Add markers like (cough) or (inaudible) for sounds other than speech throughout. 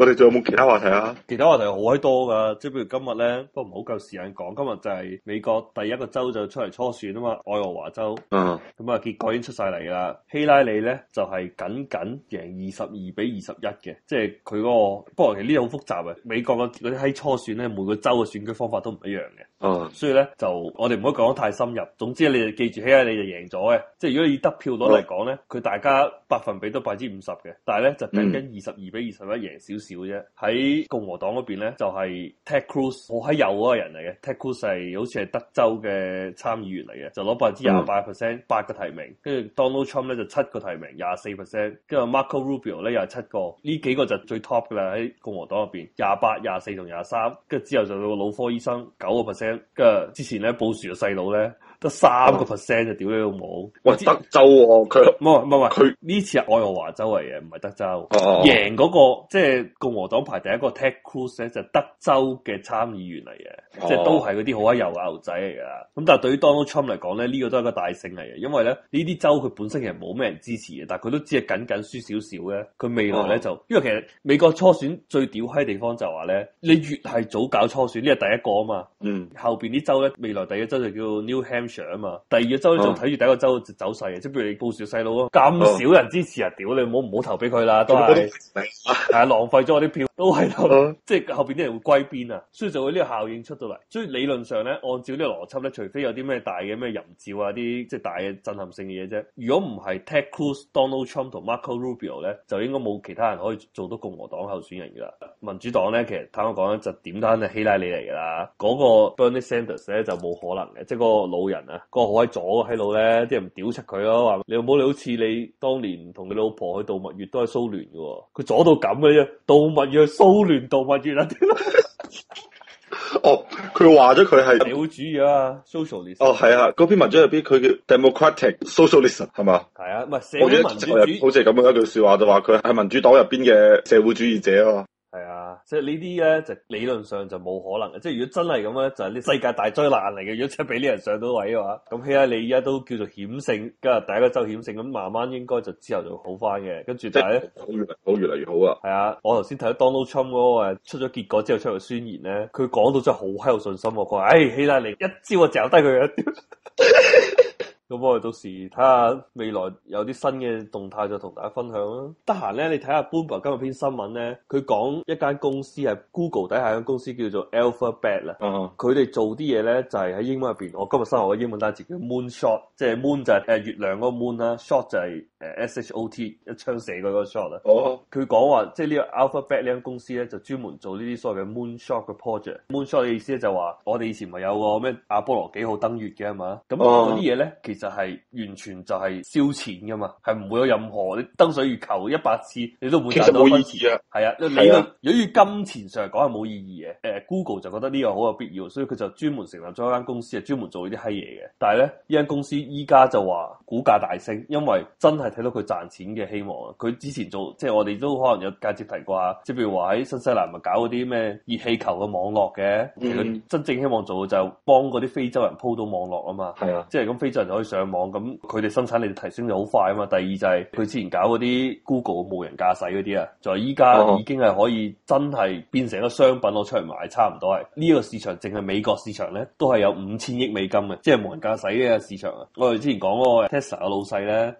我哋仲有冇其他話題啊？其他話題好閪多噶，即係比如今日咧，不過唔好夠時間講。今日就係美國第一個州就出嚟初選啊嘛，愛荷華州。嗯、uh。咁啊，結果已經出晒嚟噶啦。希拉里咧就係僅僅贏二十二比二十一嘅，即係佢嗰個。不過其實呢度好複雜嘅，美國個嗰啲喺初選咧，每個州嘅選舉方法都唔一樣嘅。哦，所以咧就我哋唔可以講得太深入。總之你就記住起，希拉你就贏咗嘅。即係如果以得票率嚟講咧，佢大家百分比都百分之五十嘅，但係咧就頂緊二十二比二十一贏少少啫。喺共和黨嗰邊咧就係 Ted Cruz 我喺右嗰個人嚟嘅。Ted Cruz 係好似係德州嘅參議員嚟嘅，就攞百分之廿八 percent 八個提名，跟住 Donald Trump 咧就七個提名，廿四 percent，跟住 Marco Rubio 咧廿七個。呢幾個就最 top 㗎啦喺共和黨入邊，廿八、廿四同廿三，跟住之後就到個腦科醫生九個 percent。嘅之前咧，布殊嘅細佬咧。得三個 percent 就屌你老母！我德州喎、哦，佢唔唔唔，佢呢他次係愛荷華周圍嘅，唔係德州。哦、啊，贏嗰、那個即係、就是、共和黨排第一個 Ted Cruz 咧，就是、德州嘅參議員嚟嘅，啊、即係都係嗰啲好閪油牛仔嚟噶。咁但係對於 Donald Trump 嚟講咧，呢、這個都係一個大勝嚟嘅，因為咧呢啲州佢本身其實冇咩人支持嘅，但係佢都只係僅僅輸少少嘅。佢未來咧就、啊、因為其實美國初選最屌閪地方就話咧，你越係早搞初選，呢係第一個啊嘛，嗯，嗯後邊啲州咧未來第一州就叫 New Hampshire。啊嘛，第二個週就睇住第一個週走勢嘅，即係譬如你布殊細佬咯，咁少人支持啊！屌、嗯、你，唔好唔好投俾佢啦，都係係啊， (laughs) 但浪費咗我啲票都喺度，即係、嗯、後邊啲人會歸邊啊，所以就會呢個效應出到嚟。所以理論上咧，按照呢個邏輯咧，除非有啲咩大嘅咩淫照啊啲，即係、就是、大嘅震撼性嘅嘢啫。如果唔係 Ted Cruz Donald Trump 同 Marco Rubio 咧，就應該冇其他人可以做到共和黨候選人噶啦。民主黨咧，其實坦白講咧就點單係希拉里嚟噶啦，嗰、那個 Bernie Sanders 咧就冇可能嘅，即、就、係、是、個老人。個好喺左喺度咧，啲人屌柒佢咯，話你冇你好似你當年同你老婆去度蜜月都係蘇聯噶，佢左到咁嘅啫，度蜜月係蘇聯度蜜月啦，啊。 (laughs) 哦，佢話咗佢係社會主義啊，socialism。啊哦，係啊，嗰篇文章入邊佢叫 democratic socialism 係嘛？係啊，唔係社會民主，主，好似係咁樣一句話說話就話佢係民主黨入邊嘅社會主義者啊。係啊，即係呢啲咧就理論上就冇可能嘅，即係如果真係咁咧，就係、是、啲世界大災難嚟嘅。如果真係俾啲人上到位嘅話，咁希拉里依家都叫做險勝，今日第一個周險勝，咁慢慢應該就之後就好翻嘅。跟住就係咧，好越嚟好越嚟越，越好啊！係啊，我頭先睇到 Donald Trump 嗰個出咗結果之後出嚟宣言咧，佢講到真係好閪有信心，佢話誒希拉里一招就掟低佢。 (laughs) (laughs) 咁我到時睇下未來有啲新嘅動態再同大家分享啦。得閒咧，你睇下《Bloomberg》今日篇新聞咧，佢講一間公司係 Google 底下嘅公司叫做 Alphabet、uh、啦。嗯，佢哋做啲嘢咧就係、是、喺英文入邊，我今日新學嘅英文單詞叫 moon shot，即係 moon 就係誒月亮個 moon 啦 shot 就係、是。誒，shot 一槍射嗰個 shot 咧、oh.，佢講話即係呢個 alphabet 呢間公司咧就專門做呢啲所謂嘅 moon shot 嘅 project。moon shot 嘅意思咧就話，我哋以前咪有個咩阿波羅幾號登月嘅係嘛，咁嗰啲嘢咧其實係完全就係燒錢噶嘛，係唔會有任何你登水月球一百次你都換唔到一分錢。係啊，你個如果於金錢上嚟講係冇意義嘅，誒，google 就覺得呢個好有必要，所以佢就專門成立咗一間公司啊，專門做呢啲閪嘢嘅。但係咧呢間公司依家就話股價大升，因為真係。睇到佢賺錢嘅希望啊！佢之前做即係我哋都可能有間接提過啊，即係譬如話喺新西蘭咪搞嗰啲咩熱氣球嘅網絡嘅，嗯、其實真正希望做嘅就係幫嗰啲非洲人鋪到網絡啊嘛，係啊嗎，即係咁非洲人就可以上網，咁佢哋生產力提升就好快啊嘛。第二就係佢之前搞嗰啲 Google 無人駕駛嗰啲啊，就係依家已經係可以真係變成咗商品攞出嚟賣，差唔多係呢、呢個市場，淨係美國市場咧都係有五千億美金嘅，即係無人駕駛嘅市場啊！我哋之前講嗰個 Tesla 嘅老細咧，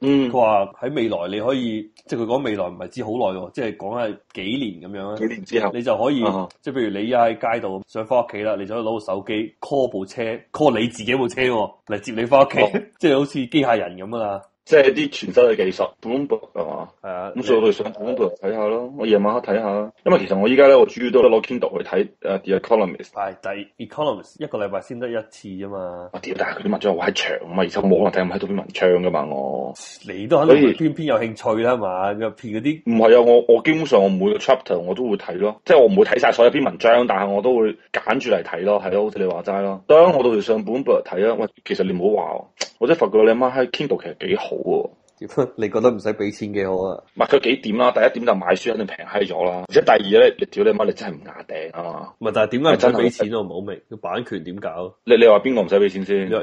嗯，佢話喺未來你可以，即係佢講未來唔係知好耐，即係講緊係幾年咁樣。幾年之後，你就可以，uh huh. 即係譬如你而家喺街度，想翻屋企啦，你就可以攞部手機 call 部車，call 你自己部車嚟、哦、接你翻屋企，oh. 即係好似機械人咁啊。即係啲全新嘅技術，Bloomberg 係嘛？係啊。咁所以我哋上本嚟睇下咯。啊、我夜晚黑睇下啦。因為其實我依家咧，我主要都攞 Kindle 去睇誒 Economist。係、uh, Econom 哎，但 Economist 一個禮拜先得一次啊嘛。我但係佢啲文章好閪長啊嘛，而且冇可能睇咁閪多篇文章噶嘛。我你都可能偏偏有興趣啦嘛？咁嗰啲唔係啊！我我基本上我每個 chapter 我都會睇咯，即係我唔會睇晒所有篇文章，但係我都會揀住嚟睇咯，係咯、啊，好似你話齋咯。得，我到時上本嚟睇啊。喂，其實你唔好話我，我真係發覺你阿媽喺 Kindle 其實幾好。我。你覺得唔使俾錢幾好啊？唔係佢幾點啦？第一點就買書肯定平嗨咗啦。而且第二咧，你屌你乜你真係唔牙頂啊嘛？係，但係點解真俾錢都唔好明？版權點搞？你你話邊個唔使俾錢先？你話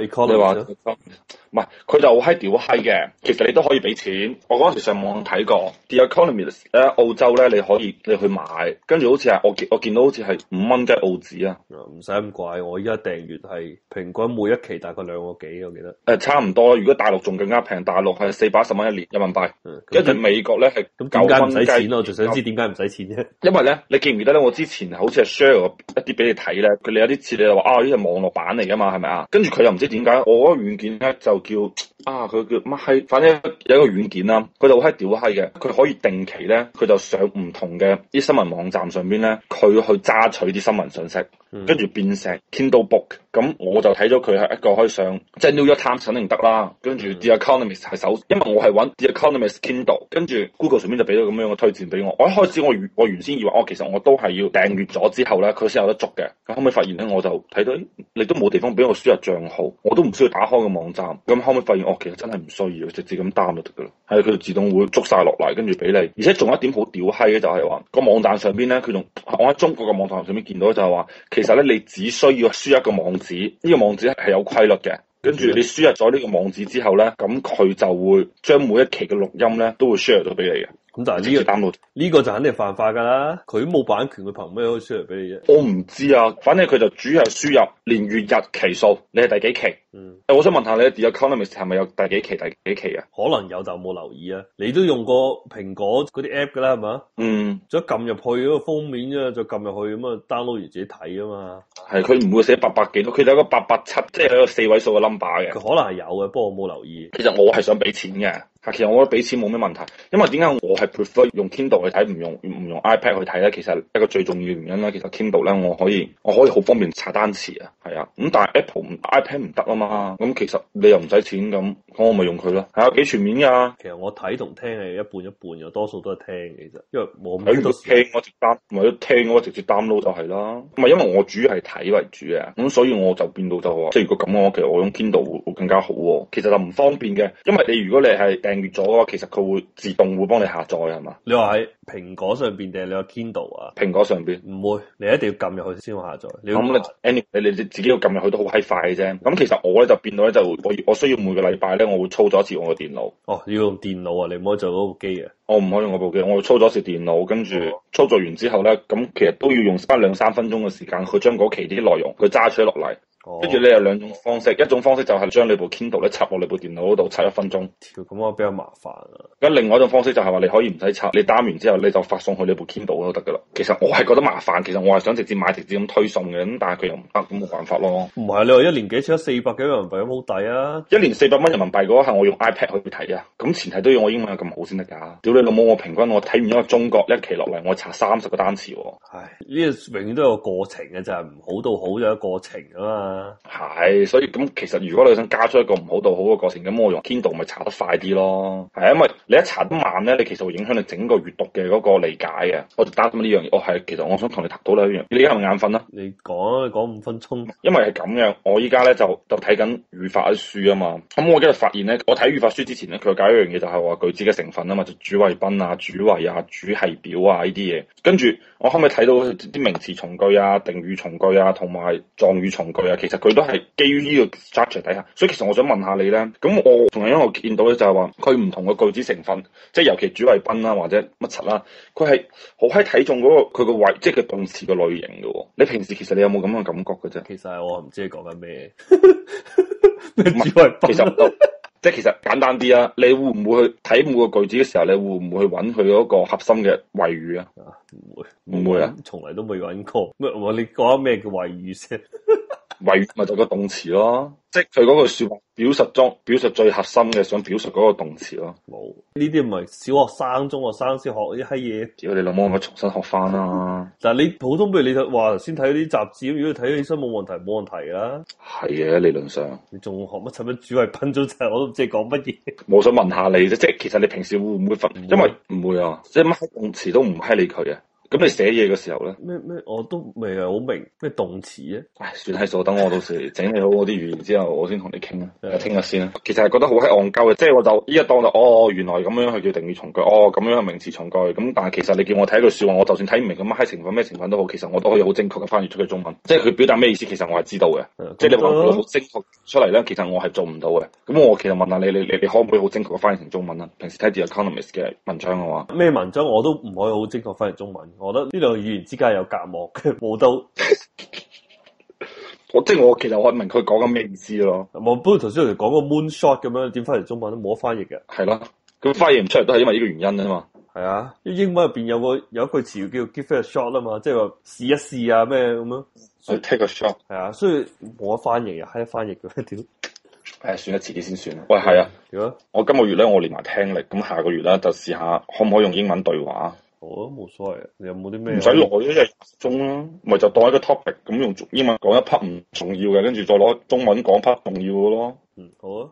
唔係佢就好嗨屌嗨嘅。其實你都可以俾錢。我嗰陣時上網睇過 The Economist 咧，澳洲咧你可以你去買，跟住好似係我我見到好似係五蚊雞澳紙啊。唔使咁貴，我依家訂閱係平均每一期大概兩個幾，我記得。誒、嗯，差唔多。如果大陸仲更加平，大陸係四百。十蚊一年人民幣，跟住、嗯、美國咧係九蚊，唔使、嗯、錢咯。我仲想知點解唔使錢啫？因為咧，你記唔記得咧？我之前好似係 share 一啲俾你睇咧，佢哋有啲似你話啊，呢個網絡版嚟噶嘛，係咪啊？跟住佢又唔知點解，我個軟件咧就叫。啊！佢叫乜閪？反正有一個軟件啦，佢就好屌閪嘅。佢可以定期咧，佢就上唔同嘅啲新聞網站上邊咧，佢去揸取啲新聞信息，跟住、嗯、變成 Kindle Book。咁我就睇咗佢係一個可以上，即係 New York Times 肯定得啦。跟住 The Economist 係搜，因為我係揾 The Economist Kindle，跟住 Google 上邊就俾咗咁樣嘅推薦俾我。我一開始我原我原先以為，我其實我都係要訂閱咗之後咧，佢先有得捉嘅。咁後屘發現咧，我就睇到，你都冇地方俾我輸入帳號，我都唔需要打開個網站。咁後屘發現我哦、其實真係唔需要，直接咁 down 就得噶啦。係，佢就自動會捉晒落嚟，跟住俾你。而且仲有一點好屌閪嘅就係話，個網站上邊咧，佢仲我喺中國嘅網站上邊見到就係話，其實咧，你只需要輸一個網址，呢、呢個網址係有規律嘅。跟住你輸入咗呢個網址之後咧，咁佢就會將每一期嘅錄音咧都會 share 到俾你嘅。咁但係呢個呢個就肯定犯法噶啦。佢冇版權，佢憑咩可以 share 俾你啫？我唔知啊，反正佢就主要係輸入年月日期數，你係第幾期？嗯，誒，我想問下你，The Economist 係咪有第幾期、第幾期啊？可能有，但冇留意啊。你都用過蘋果嗰啲 app 噶啦，係嘛？嗯，再撳入去嗰、嗰個，封面啫，就撳入去咁啊，download 完自己睇啊嘛。係，佢唔會寫八百幾多，佢就有個八百七，即係有個四位數嘅 number 嘅。佢可能有嘅，不過冇留意其我。其實我係想俾錢嘅，吓，其實我覺得俾錢冇咩問題。因為點解我係 prefer 用 Kindle 去睇，唔用唔用 iPad 去睇咧？其實一個最重要嘅原因啦，其實 Kindle 咧，我可以我可以好方便查單詞啊，係啊。咁但係 Apple 唔 iPad 唔得啊嘛。咁，嗯，其實你又唔使錢咁。咁我咪用佢咯，係啊幾全面噶、啊。其實我睇同聽係一半一半，有多數都係聽。其實。因為我，睇我直接唔係聽我直接 download 就係啦。咁係因為我主要係睇為主啊。咁所以我就變到就話，即如果咁嘅我，其實我用 Kindle 會，會更加好喎。其實就唔方便嘅，因為你如果你係訂閲咗嘅話，其實佢會自動會幫你下載係嘛？你話喺蘋果上邊定係你話 Kindle 啊？蘋果上邊唔會，你一定要撳入去先會下載。咁你你你自己要撳入去都好閪快嘅啫。咁其實我咧就變到咧就我我需要每個禮拜我會操作一次我嘅電腦哦，要用電腦啊，你唔可以做嗰部機啊。我唔可以用我部機，我會操作一次電腦。跟住操作完之後咧，咁其實都要用翻兩三分鐘嘅時間去將嗰期啲內容佢揸出落嚟。跟住、oh. 你有兩種方式，一種方式就係將你部 Kindle 咧插落你部電腦嗰度插一分鐘。咁我比較麻煩。咁另外一種方式就係話你可以唔使插，你 down 完之後你就發送去你部 Kindle 都得㗎啦。其實我係覺得麻煩，其實我係想直接買直接咁推送嘅，咁但係佢又唔得，咁冇辦法咯。唔係你話一年幾次？四百幾人民幣咁好抵啊！一年四百蚊人民幣嗰個係我用 iPad 去睇啊。咁前提都要我英文有咁好先得㗎。屌你老母！我平均我睇完一個中國一期落嚟，我查三十個單詞。唉，呢個永遠都有個過程嘅，就係唔好到好有一個過程啊嘛。係，所以咁其實如果你想加出一個唔好到好嘅過程，咁我用 Kindle 咪查得快啲咯。係，因為你一查得慢咧，你其實會影響你整個閱讀嘅嗰個理解嘅。我就擔心呢樣嘢，我、哦、係，其實我想同你讀到呢一樣。你而家係咪眼瞓啦、啊？你講，你講五分鐘。因為係咁樣，我依家咧就就睇緊語法啲書啊嘛。咁、嗯、我今日發現咧，我睇語法書之前咧，佢搞一樣嘢就係話句子嘅成分啊嘛，就主謂賓啊、主謂啊、主繫表啊呢啲嘢。跟住我後屘睇到啲名詞從句啊、定語從句啊、同埋狀語從句啊。其實佢都係基於呢個 structure 底下，所以其實我想問下你咧，咁我同樣我見到咧就係話佢唔同嘅句子成分，即係尤其主謂賓啦，或者乜柒啦，佢係好喺睇中嗰、嗰個佢個位，即係佢動詞嘅類型嘅、哦。你平時其實你有冇咁嘅感覺嘅啫、 (laughs) 啊？其實我唔知你講緊咩，主謂賓。其實即係其實簡單啲啊，你會唔會去睇每個句子嘅時候，你會唔會去揾佢嗰個核心嘅謂語啊？唔會，唔會啊，從來都未揾過。唔係，你講咩叫謂語先？維咪就個動詞咯，即係佢嗰句說話表，表述中表述最核心嘅想表述嗰個動詞咯。冇呢啲唔係小學生、中學生先學呢啲嘢。屌你諗可唔可以重新學翻但。嗱，你普通，不如你睇話先睇啲雜誌，如果睇起身冇問題，冇問題啊。係嘅，理論上。你仲學乜柒乜主謂賓組詞，我都唔知講乜嘢。我想問下你啫，即係其實你平時會唔會訓？會因為唔會啊，即係乜動詞都唔閪理佢嘅。咁你寫嘢嘅時候咧？咩咩我都未係好明咩動詞啊！唉，算係數。等我到時整理好我啲語言之後，我先同你傾啦。 (laughs) 聽下先啦。其實係覺得好閪戇鳩嘅，即係我就依家當咗哦，原來咁樣去叫定語從句，哦咁樣係名詞從句。咁、嗯、但係其實你叫我睇句説話，我就算睇唔明咁閪情況咩情況都好，其實我都可以好正確嘅翻譯出去中文，即係佢表達咩意思，其實我係知道嘅。嗯嗯、即係你話好正確出嚟咧，其實我係做唔到嘅。咁、嗯嗯、我其實問下你，你你，你，你可唔可以好正確翻譯成中文啊？平時睇啲 Economist 嘅文章嘅話，咩文章我都唔可以好正確翻譯中文。我覺得呢兩個語言之間有隔膜，佢冇到。我即係 (laughs) 我其實我明佢講緊咩意思咯。冇不過頭先我哋講個 moon shot 咁樣，點翻嚟中文都冇得翻譯嘅。係咯、啊，佢翻譯唔出嚟都係因為呢個原因啊嘛。係啊，英文入邊有個有一句詞叫 give a shot 啊嘛，即係話試一試啊咩咁樣。所以 take a shot，係啊，所以冇得翻譯嘅，閪翻譯嘅，點。誒、哎，算啦，遲啲先算喂，係啊，樣我今個月咧，我練埋聽力，咁下個月咧就試，試下可唔可以用英文對話。我都冇所謂，你有冇啲咩？唔使攞，一日八十鐘啦，咪就當一個 topic，咁用英文講一 part 唔重要嘅，跟住再攞中文講 part 重要嘅咯。嗯，好啊。